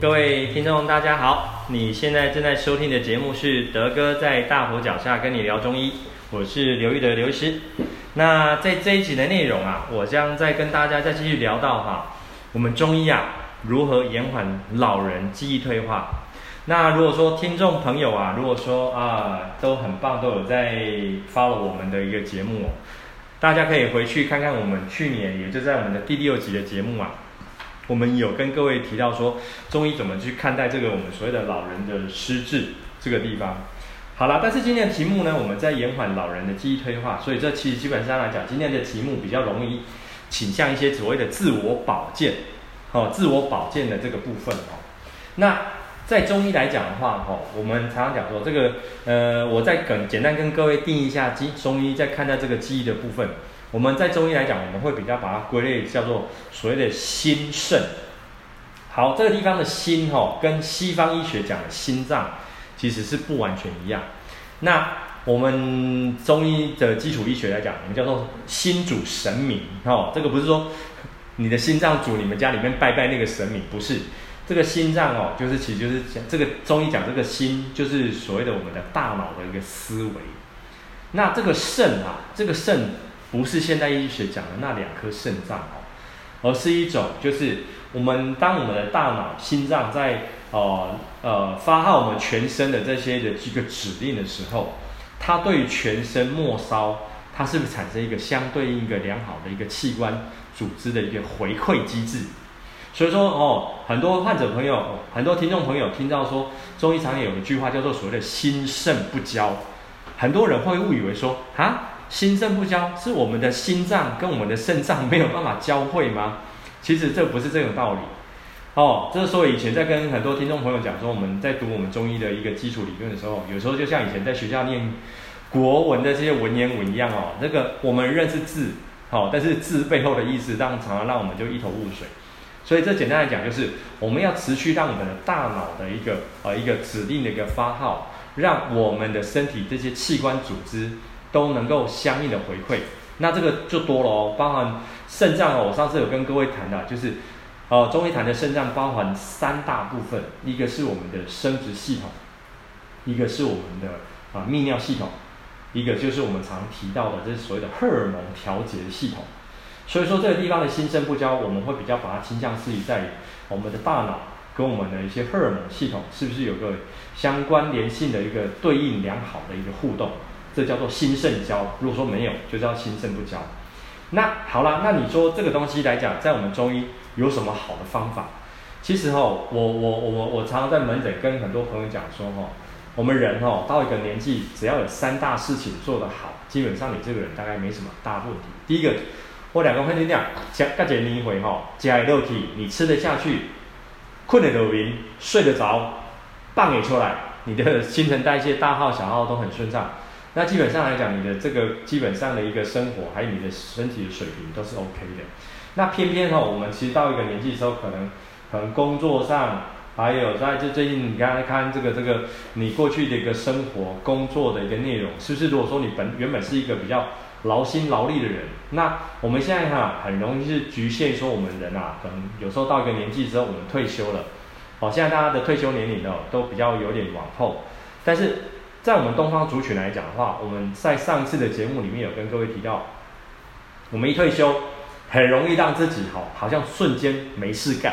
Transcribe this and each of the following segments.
各位聽眾，大家好！你現在正在收聽的節目是德哥在大佛腳下跟你聊中醫，我是劉玉德劉醫師。那在這一集的內容啊，我將再跟大家再繼續聊到哈、啊，我們中醫啊如何延緩老人記憶退化。那如果說聽眾朋友啊，如果說啊都很棒，都有在發了我們的一個節目、哦，大家可以回去看看我們去年也就在我們的第六集的節目啊。我們有跟各位提到說，中醫怎麼去看待這個我們所謂的老人的失智這個地方。好了，但是今天的題目呢，我們在延緩老人的記憶退化，所以這其實基本上來講，今天的題目比較容易傾向一些所謂的自我保健，哦，自我保健的這個部分哦。那在中醫來講的話，哦，我們常常講說這個，呃，我再跟簡單跟各位定義一下，中醫在看待這個記憶的部分。我們在中醫來講，我們會比較把它歸類叫做所謂的“心腎”。好，這個地方的心哈、哦，跟西方醫學講的心臟其實是不完全一樣。那我們中醫的基礎醫學來講，我們叫做“心主神明”哦。這個不是說你的心臟主你們家裡面拜拜那個神明，不是。這個心臟哦，就是其實就是這個中醫講這個心，就是所謂的我們的大腦的一個思維。那這個腎啊，這個腎。不是現代醫學講的那兩顆腎臟哦，而是一種就是我們當我們的大腦、心臟在呃呃發號我們全身的這些的這個指令的時候，它對於全身末梢它是不是產生一個相對應一個良好的一個器官組織的一個回饋機制？所以說哦，很多患者朋友、很多聽眾朋友聽到說中醫常有一句話叫做所謂的“心腎不交”，很多人會誤以為說啊。心腎不交，是我們的心臟跟我們的腎臟沒有辦法交匯嗎？其實這不是這種道理，哦，這是說以，以前在跟很多聽眾朋友講說，我們在讀我們中醫的一個基礎理論的時候，有時候就像以前在學校念國文的這些文言文一樣哦，那、這個我們認識字好、哦，但是字背後的意思讓，讓常常讓我們就一頭霧水。所以這簡單來講，就是我們要持續讓我們的大腦的一個呃一個指令的一個發號，讓我們的身體這些器官組織。都能夠相應的回饋，那這個就多了哦，包含腎臟哦。我上次有跟各位談的，就是，呃，中醫談的腎臟包含三大部分，一個是我們的生殖系統，一個是我們的啊、呃、泌尿系統，一個就是我們常提到的，這是所謂的荷爾蒙調節系統。所以說這個地方的心腎不交，我們會比較把它傾向是在於我們的大腦跟我們的一些荷爾蒙系統是不是有個相關聯性的一個對應良好的一個互動。這叫做心腎交如果說沒有，就叫心腎不交。那好了，那你說這個東西來講，在我們中醫有什麼好的方法？其實哈，我我我我常常在門診跟很多朋友講說哈，我們人哈到一個年紀，只要有三大事情做得好，基本上你這個人大概沒什麼大問題。第一個我兩個問題這樣講，加再整一回哈，加六體你吃得下去，困得走云，睡得着，棒也出來，你的新陳代謝大號小號都很順暢。那基本上來講，你的這個基本上的一個生活，還有你的身體的水平都是 OK 的。那偏偏哈、哦，我們其實到一個年紀的時候，可能可能工作上，還有在就最近你剛才看，看這個這個，你過去的一個生活、工作的一個內容，是不是？如果說你本原本是一個比較勞心勞力的人，那我們現在哈很容易是侷限說我們人啊，可能有時候到一個年紀之後，我們退休了。好，現在大家的退休年齡呢，都比較有點往後，但是。在我們東方族群來講的話，我們在上次的節目裡面有跟各位提到，我們一退休，很容易讓自己好好像瞬間沒事幹。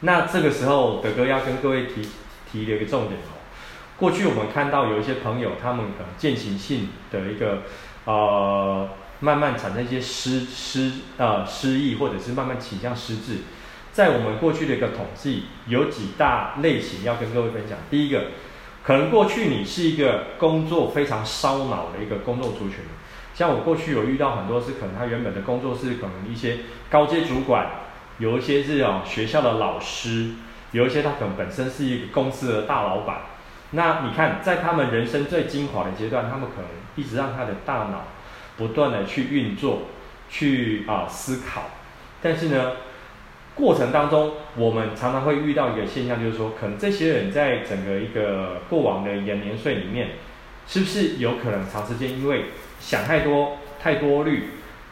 那這個時候，德哥要跟各位提提的一個重點哦。過去我們看到有一些朋友，他們漸行性的一個呃，慢慢產生一些失失呃失憶，或者是慢慢傾向失智。在我們過去的一個統計，有幾大類型要跟各位分享。第一個。可能過去你是一個工作非常燒腦的一個工作族群，像我過去有遇到很多是，可能他原本的工作是可能一些高階主管，有一些這種學校的老師，有一些他可能本身是一個公司的大老闆。那你看，在他們人生最精華的階段，他們可能一直讓他的大腦不斷地去運作，去啊思考，但是呢。過程當中，我們常常會遇到一個現象，就是說，可能這些人在整個一個過往的延年歲裡面，是不是有可能長時間因為想太多、太多慮，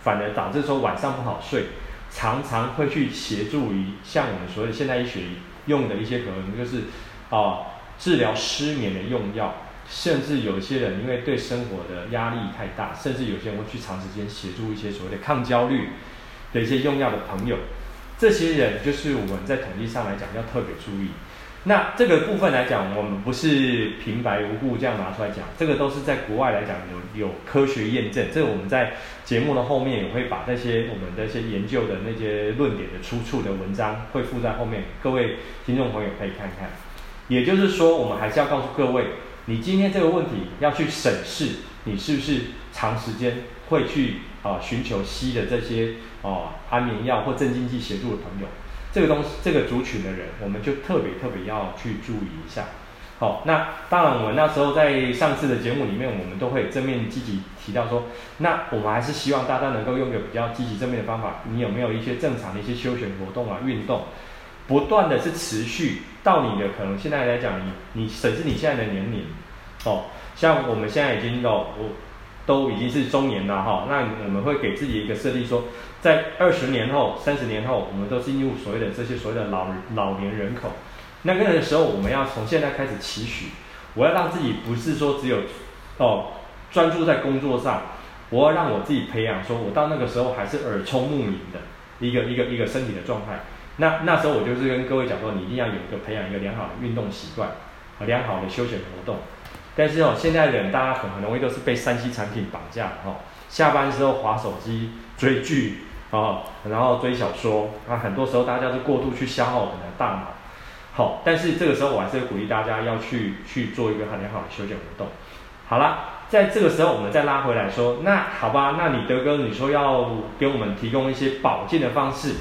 反而導致說晚上不好睡？常常會去協助於像我們所謂現代醫學用的一些可能就是哦、呃、治療失眠的用藥，甚至有些人因為對生活的壓力太大，甚至有些人會去長時間協助一些所謂的抗焦慮的一些用藥的朋友。這些人就是我們在統計上來講要特別注意。那這個部分來講，我們不是平白無故這樣拿出來講，這個都是在國外來講有有科學驗證。這個我們在節目的後面也會把那些我們的一些研究的那些論點的出處的文章會附在後面，各位聽眾朋友可以看看。也就是說，我們還是要告訴各位，你今天這個問題要去審視，你是不是長時間會去。啊，尋求西醫的這些啊安眠藥或鎮靜劑協助的朋友，這個東西，這個族群的人，我們就特別特別要去注意一下。好、哦，那當然，我們那時候在上次的節目裡面，我們都會正面積極提到說，那我們還是希望大家能夠用個比較積極正面的方法。你有沒有一些正常的一些休閒活動啊，運動，不斷的是持續到你的可能現在來講，你你甚至你現在的年齡，哦，像我們現在已經有。都已經是中年了哈，那我們會給自己一個設定，說在二十年後、三十年後，我們都是進入所謂的這些所謂的老老年人口，那個時候我們要從現在開始期許，我要讓自己不是說只有哦專注在工作上，我要讓我自己培養，說我到那個時候還是耳聰目明的一個一個一個身體的狀態。那那時候我就是跟各位講說，你一定要有一個培養一個良好的運動習慣和良好的休閒活動。但是哦，現在人大家很很容易都是被三 C 產品綁架的，哦、下班之後滑手機、追劇、哦、然後追小說，那、啊、很多時候大家就過度去消耗我們的大腦。好、哦，但是這個時候我還是鼓勵大家要去去做一個很良好的休閒活動。好了，在這個時候我們再拉回來說，那好吧，那你德哥你說要給我們提供一些保健的方式，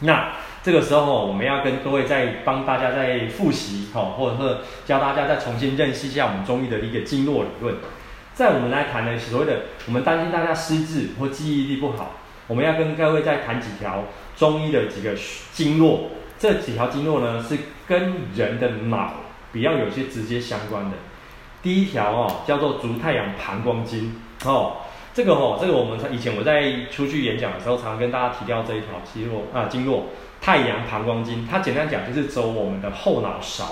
那。這個時候，我們要跟各位再幫大家再複習哦，或者是教大家再重新認識一下我們中醫的一個經絡理論。在我們來談呢，所謂的，我們擔心大家失智或記憶力不好，我們要跟各位再談幾條中醫的幾個經絡。這幾條經絡呢，是跟人的腦比較有些直接相關的。第一條哦，叫做足太陽膀胱經哦。這個哦，這個我們以前我在出去演講的時候，常跟大家提到這一條經絡啊，經絡太陽膀胱經，它簡單講就是走我們的後腦勺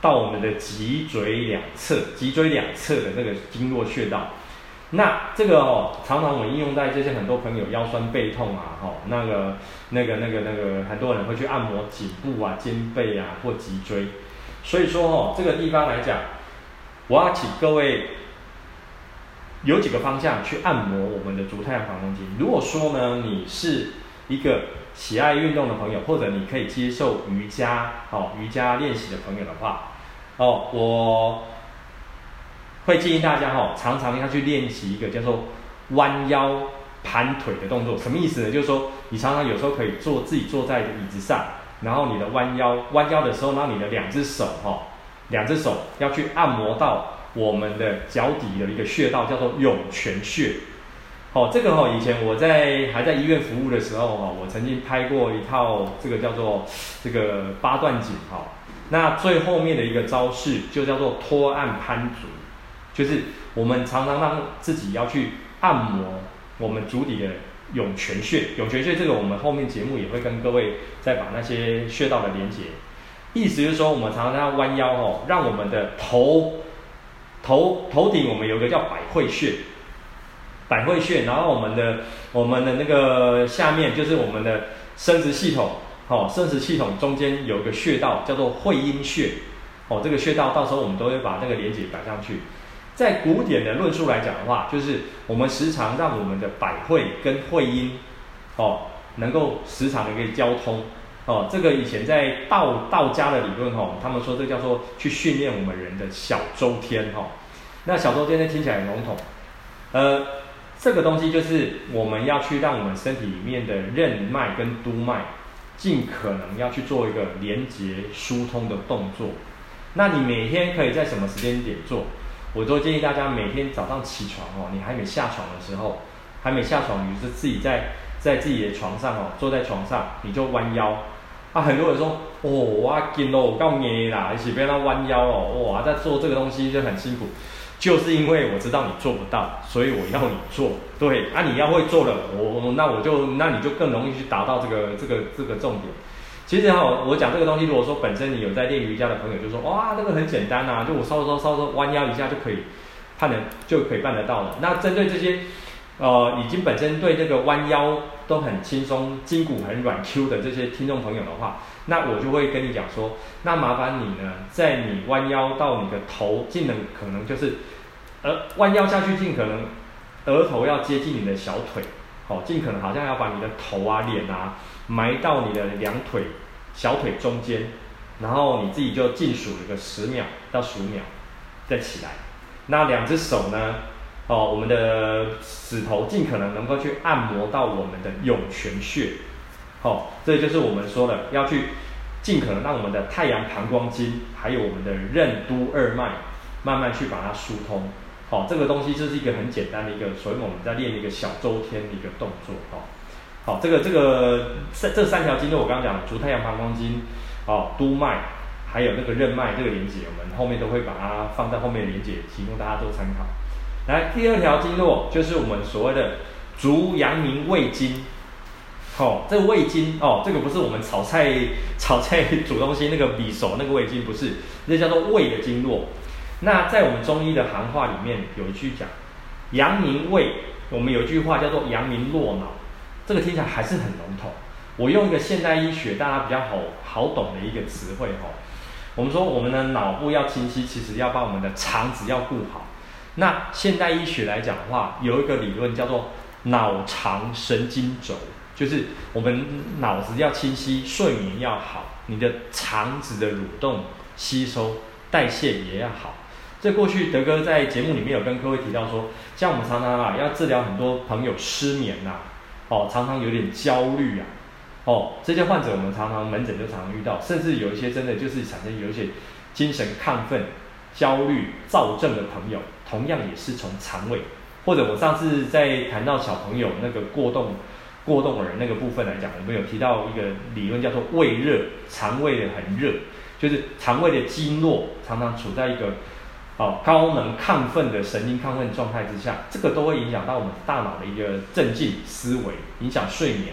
到我們的脊椎兩側，脊椎兩側的這個經絡穴道。那這個哦，常常我應用在這些很多朋友腰酸背痛啊，吼、哦、那個那個那個、那個、那個，很多人會去按摩頸部啊、肩背啊或脊椎，所以說哦，這個地方來講，我要請各位。有幾個方向去按摩我們的足太陽膀胱經。如果說呢，你是一個喜愛運動的朋友，或者你可以接受瑜伽，哈、哦，瑜伽練習的朋友的話，哦，我會建議大家哦，常常要去練習一個叫做彎腰盤腿的動作。什麼意思呢？就是說你常常有時候可以坐自己坐在椅子上，然後你的彎腰，彎腰的時候呢，你的兩隻手哈、哦，兩隻手要去按摩到。我們的腳底有一個穴道叫做湧泉穴，好，這個哈，以前我在還在醫院服務的時候哈，我曾經拍過一套這個叫做這個八段錦哈，那最後面的一個招式就叫做托按攀足，就是我們常常讓自己要去按摩我們足底的湧泉穴。湧泉穴這個我們後面節目也會跟各位再把那些穴道的連結，意思就是說我們常常要彎腰哈，讓我們的頭。頭頭頂我們有個叫百會穴，百會穴，然後我們的我們的那個下面就是我們的生殖系統，哦，生殖系統中間有個穴道叫做會陰穴，哦，這個穴道到時候我們都會把那個連接擺上去，在古典的論述來講的話，就是我們時常讓我們的百會跟會陰，哦能夠時常的可以交通。哦，這個以前在道道家的理論哈、哦，他們說這叫做去訓練我們人的小周天哈、哦。那小周天呢聽起來很籠統，呃，這個東西就是我們要去讓我們身體裡面的任脈跟督脈盡可能要去做一個連接疏通的動作。那你每天可以在什麼時間點做？我都建議大家每天早上起床哦，你還沒下床的時候，還沒下床，你是自己在在自己的床上哦，坐在床上你就彎腰。啊，很多人說，哦，我筋都搞硬啦，一起被他彎腰哦，哇，在做這個東西就很辛苦，就是因為我知道你做不到，所以我要你做，對，啊，你要會做了，我那我就那你就更容易去達到這個這個這個重點。其實哈、哦，我講這個東西，如果說本身你有在練瑜伽的朋友，就說，哇，這個很簡單吶、啊，就我稍稍稍稍彎腰一下就可以，他能就可以辦得到了。那針對這些。呃，已經本身對這個彎腰都很輕鬆，筋骨很軟 Q 的這些聽眾朋友的話，那我就會跟你講說，那麻煩你呢，在你彎腰到你的頭，盡可能可能就是，呃，彎腰下去盡可能，額頭要接近你的小腿，哦，盡可能好像要把你的頭啊、臉啊埋到你的兩腿小腿中間，然後你自己就靜數一個十秒到十五秒，再起來，那兩隻手呢？哦，我們的指頭盡可能能夠去按摩到我們的湧泉穴，好、哦，這就是我們說的要去盡可能讓我們的太陽膀胱經還有我們的任督二脈慢慢去把它疏通，好、哦，這個東西就是一個很簡單的一個，所以我們在練一個小周天的一個動作，好、哦，好、哦，這個這個這這三條經絡我剛剛講了足太陽膀胱經，哦，督脈，還有那個任脈這個連接，我們後面都會把它放在後面連接，提供大家做參考。來，第二條經絡就是我們所謂的足陽明胃經。哦，這個胃經哦，這個不是我們炒菜炒菜煮東西那個味素那個味精，不是，這叫做胃的經絡。那在我們中醫的行話裡面有一句講，陽明胃，我們有一句話叫做陽明絡腦，這個聽起來還是很籠統。我用一個現代醫學大家比較好好懂的一個詞彙哦，我們說我們的腦部要清晰，其實要把我們的腸子要顧好。那現代醫學來講的話，有一個理論叫做腦腸神經軸，就是我們腦子要清晰，睡眠要好，你的腸子的蠕動、吸收、代謝也要好。這過去德哥在節目裡面有跟各位提到說，像我們常常啊要治療很多朋友失眠吶、啊，哦，常常有點焦慮啊，哦，這些患者我們常常門診就常常遇到，甚至有一些真的就是產生有一些精神亢奮、焦慮躁症的朋友。同樣也是從腸胃，或者我上次在談到小朋友那個過動、過動兒那個部分來講，我們有提到一個理論，叫做胃熱，腸胃的很熱，就是腸胃的經絡常常處在一個哦高能亢奮的神經亢奮狀態之下，這個都會影響到我們大腦的一個鎮靜思維，影響睡眠。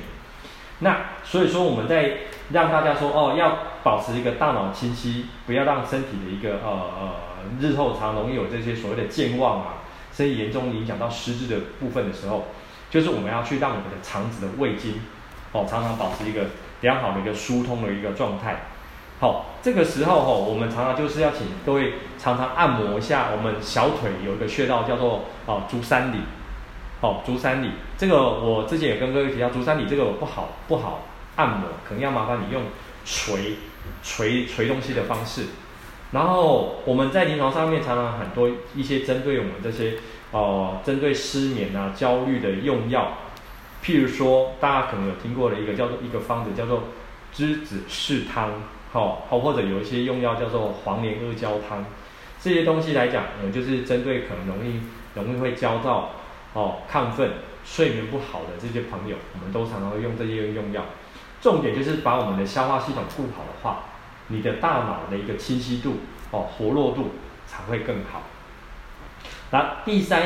那所以說，我們在讓大家說哦，要保持一個大腦清晰，不要讓身體的一個呃呃。呃日後常容易有這些所謂的健忘啊，甚至嚴重影響到失智的部分的時候，就是我們要去讓我們的腸子的胃經，哦，常常保持一個良好的一個疏通的一個狀態。好、哦，這個時候哈、哦，我們常常就是要請各位常常按摩一下我們小腿有一個穴道叫做哦足三里。哦，足三里，這個我之前也跟各位提到，足三里這個不好不好按摩，可能要麻煩你用捶捶捶東西的方式。然後我們在臨床上面常常很多一些針對我們這些，哦、呃，針對失眠啊、焦慮的用藥，譬如說大家可能有聽過的一個叫做一個方子叫做梔子豉湯，好、哦，或或者有一些用藥叫做黃連阿膠湯，這些東西來講，我、呃、們就是針對可能容易容易會焦躁、哦亢奮、睡眠不好的這些朋友，我們都常常會用這些用藥，重點就是把我們的消化系統顧好的話你的大腦的一個清晰度哦，活絡度才會更好。那、啊、第三，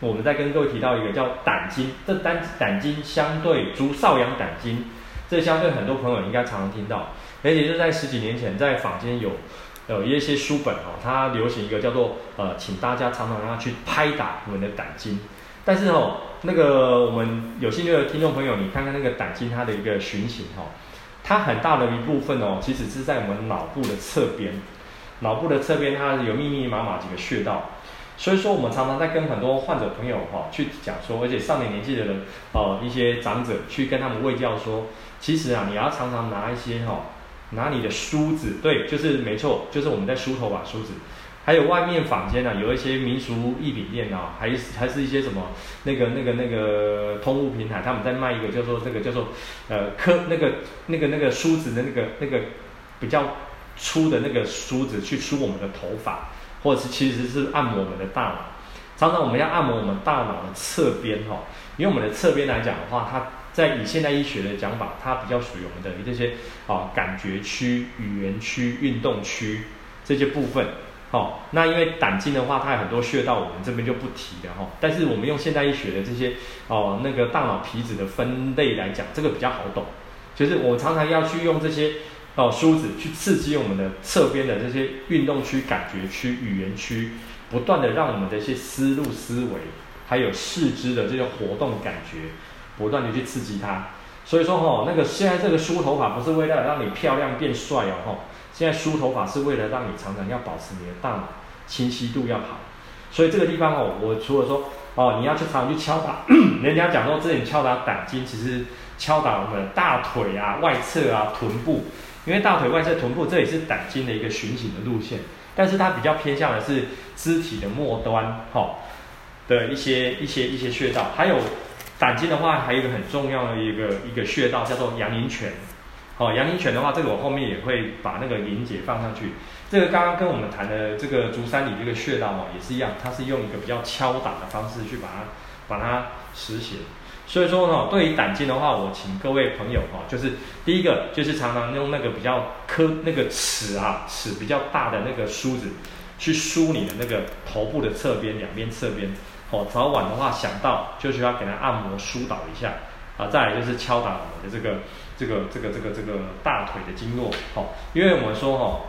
我們再跟各位提到一個叫膽經，這膽膽經相對足少陽膽經，這相對很多朋友應該常常聽到，而且就在十幾年前，在坊間有有一些書本哦，它流行一個叫做呃，請大家常常讓他去拍打我們的膽經，但是哦，那個我們有興趣的聽眾朋友，你看看那個膽經它的一個循行哦。它很大的一部分哦，其實是在我們腦部的側邊，腦部的側邊它有密密麻麻幾個穴道，所以說我們常常在跟很多患者朋友哈去講說，而且上年年紀的人，哦，一些長者去跟他們衛教說，其實啊你要常常拿一些哈，拿你的梳子，對，就是沒錯，就是我們在梳頭把梳子。還有外面坊間呢，有一些民俗藝品店哦、啊，還是還是一些什麼那個那個那個通路平台，他們在賣一個叫做這、那個叫做呃科那個那個那個梳子的那個那個比較粗的那個梳子，去梳我們的頭髮，或者是其實是按摩我們的大腦。常常我們要按摩我們大腦的側邊哈，因為我們的側邊來講的話，它在以現代醫學的講法，它比較屬於我們的這些啊感覺區、語言區、運動區這些部分。哦，那因為膽經的話，它有很多穴道，我們這邊就不提了哈。但是我們用現代醫學的這些哦，那個大腦皮質的分類來講，這個比較好懂。就是我常常要去用這些哦梳子，去刺激我們的側邊的這些運動區、感覺區、語言區，不斷的讓我們的一些思路、思維，還有四肢的這些活動感覺，不斷的去刺激它。所以說哈、哦，那個現在這個梳頭髮不是為了讓你漂亮變帥哦，現在梳頭髮是為了讓你常常要保持你的大腦清晰度要好，所以這個地方哦，我除了說哦，你要去常常去敲打，人家講說這裡敲打膽經，其實敲打我們的大腿啊、外側啊、臀部，因為大腿外側、臀部這裡是膽經的一個循行的路線，但是它比較偏向的是肢體的末端哈的、哦、一些一些一些，一些穴道，還有膽經的話，還有一個很重要的一個一個穴道叫做陽陵泉。哦，陽陵泉的話，這個我後面也會把那個連接放上去。這個剛剛跟我們談的這個足三里這個穴道哈，也是一樣，它是用一個比較敲打的方式去把它把它實行。所以說呢，對於膽經的話，我請各位朋友哈，就是第一個就是常常用那個比較磕那個齒啊齒比較大的那個梳子去梳你的那個頭部的側邊兩邊側邊。哦，早晚的話想到就需要給它按摩疏導一下啊，再來就是敲打我們的這個。這個這個這個這個大腿的經絡，好、哦，因為我們說哈、哦，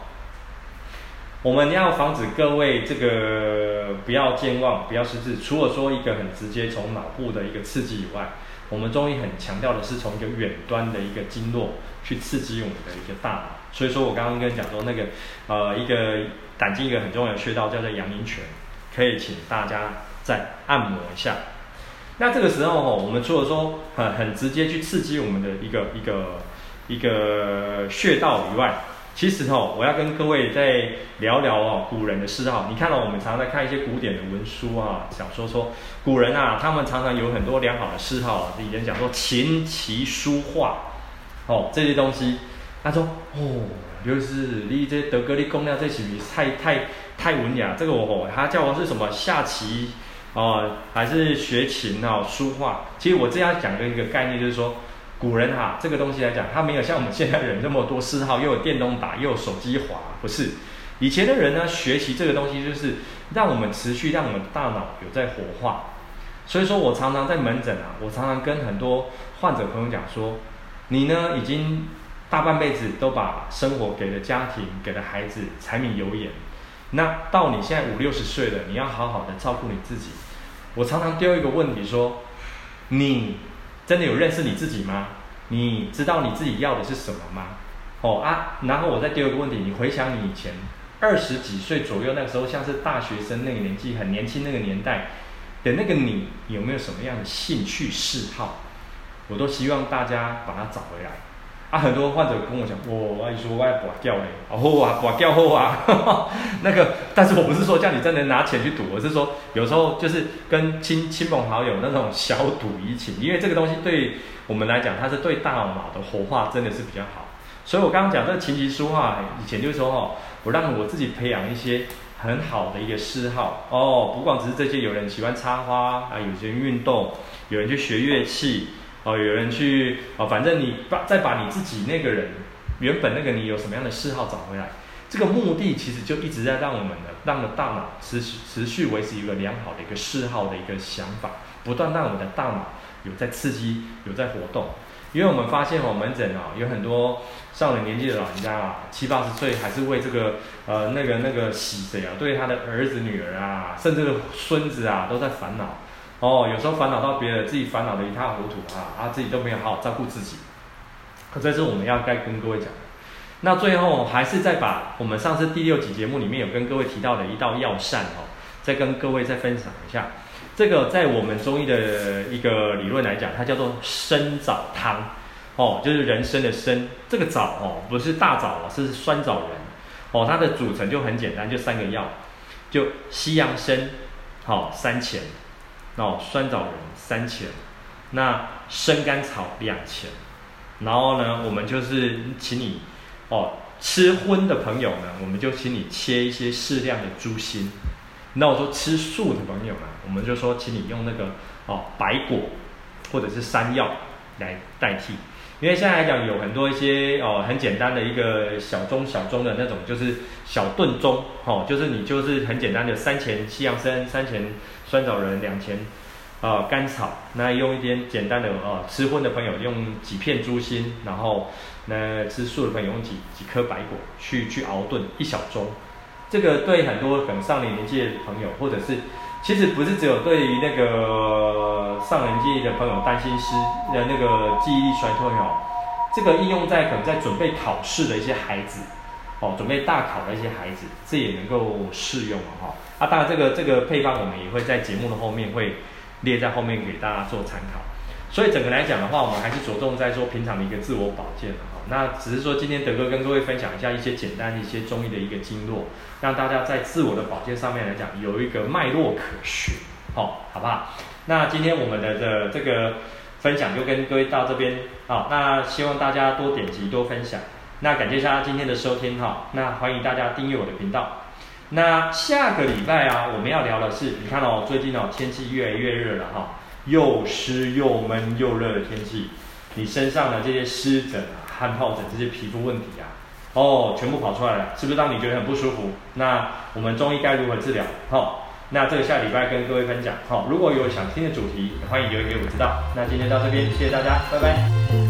我們要防止各位這個不要健忘，不要失智。除了說一個很直接從腦部的一個刺激以外，我們中醫很強調的是從一個遠端的一個經絡去刺激我們的一個大腦。所以說我剛剛跟你講說那個，呃，一個膽經一個很重要的穴道叫做陽陵泉，可以請大家再按摩一下。那這個時候吼，我們除了說很很直接去刺激我們的一個一個一個穴道以外，其實吼，我要跟各位再聊聊哦，古人的嗜好。你看到我們常在看一些古典的文書啊、小說，說古人啊，他們常常有很多良好的嗜好，以前講說琴棋書畫，哦，這些東西，他說哦，就是你這德高立功量這起是太太太文雅，這個我哦，他叫我是什麼下棋。哦，還是學琴啊，書畫。其實我這樣講的一個概念就是說，古人哈，這個東西來講，他沒有像我們現在人那麼多嗜好，又有電動打，又有手機滑，不是。以前的人呢，學習這個東西，就是讓我們持續，讓我們大腦有在活化。所以說我常常在門診啊，我常常跟很多患者朋友講說，你呢已經大半輩子都把生活給了家庭，給了孩子，柴米油鹽。那到你現在五六十歲了，你要好好的照顧你自己。我常常丟一個問題說，你真的有認識你自己嗎？你知道你自己要的是什麼嗎？哦啊，然後我再丟一個問題，你回想你以前二十幾歲左右那個時候，像是大學生那個年紀，很年輕那個年代的那個你，有沒有什麼樣的興趣嗜好？我都希望大家把它找回來。啊，很多患者跟我講，我阿說我要拔掉了、啊、拔掉後啊呵呵，那個，但是我不是說叫你真的拿錢去賭，我是說有時候就是跟親親朋好友那種小賭怡情，因為這個東西對我們來講，它是對大腦的活化真的是比較好。所以我剛剛講這個琴棋書畫，以前就是說哦，我讓我自己培養一些很好的一個嗜好，哦，不光只是這些，有人喜歡插花啊，有些人運動，有人去學樂器。哦，有人去哦，反正你把再把你自己那個人原本那個你有什麼樣的嗜好找回來，這個目的其實就一直在讓我們的讓我們的大腦持續持續維持一個良好的一個嗜好的一個想法，不斷讓我們的大腦有在刺激，有在活動，因為我們發現我們整哦，門診哦有很多上了年紀的老人家啊，七八十歲還是為這個呃那個那個喜賊啊，對他的兒子女兒啊，甚至的孫子啊都在煩惱。哦，有時候煩惱到別人，自己煩惱的一塌糊塗啊！他自己都沒有好好照顧自己，可這是我們要該跟各位講的。那最後還是再把我們上次第六集節目裡面有跟各位提到的一道藥膳哦，再跟各位再分享一下。這個在我們中醫的一個理論來講，它叫做參棗湯哦，就是人參的參，這個棗哦不是大棗哦，是酸棗仁哦。它的組成就很簡單，就三個藥，就西洋參、哦，三錢。哦，酸棗仁三錢，那生甘草兩錢，然後呢，我們就是請你哦，吃葷的朋友呢，我們就請你切一些適量的豬心。那我說吃素的朋友呢，我們就說請你用那個哦白果或者是山藥來代替，因為現在來講有很多一些哦很簡單的一個小盅小盅的那種，就是小燉盅，哦，就是你就是很簡單的三錢西洋參三錢。酸棗仁兩錢，啊、呃，甘草，那用一點簡單的啊、呃，吃葷的朋友用幾片豬心，然後那吃素的朋友用幾幾顆白果去去熬燉一小盅。這個對很多可能上年年紀的朋友，或者是其實不是只有對於那個上年紀的朋友擔心失呃那個記憶力衰退哦，這個應用在可能在準備考試的一些孩子。哦，準備大考的一些孩子，這也能夠適用哈、哦。啊，當然這個這個配方我們也會在節目的後面會列在後面給大家做參考。所以整個來講的話，我們還是着重在做平常的一個自我保健哈、哦。那只是說今天德哥跟各位分享一下一些簡單的一些中醫的一個經絡，讓大家在自我的保健上面來講有一個脈絡可循，好、哦，好不好？那今天我們的的這個分享就跟各位到這邊啊、哦，那希望大家多點擊多分享。那感謝大家今天的收聽哈、哦，那歡迎大家訂閱我的頻道。那下個禮拜啊，我們要聊的是，你看哦，最近哦，天氣越來越熱了哈、哦，又濕又悶又熱的天氣，你身上的這些濕疹啊、汗皰疹這些皮膚問題啊，哦，全部跑出來了，是不是讓你覺得很不舒服？那我們中醫該如何治療？好、哦，那這個下個禮拜跟各位分享。好、哦，如果有想聽的主題，也歡迎留言給我知道。那今天到這邊，謝謝大家，拜拜。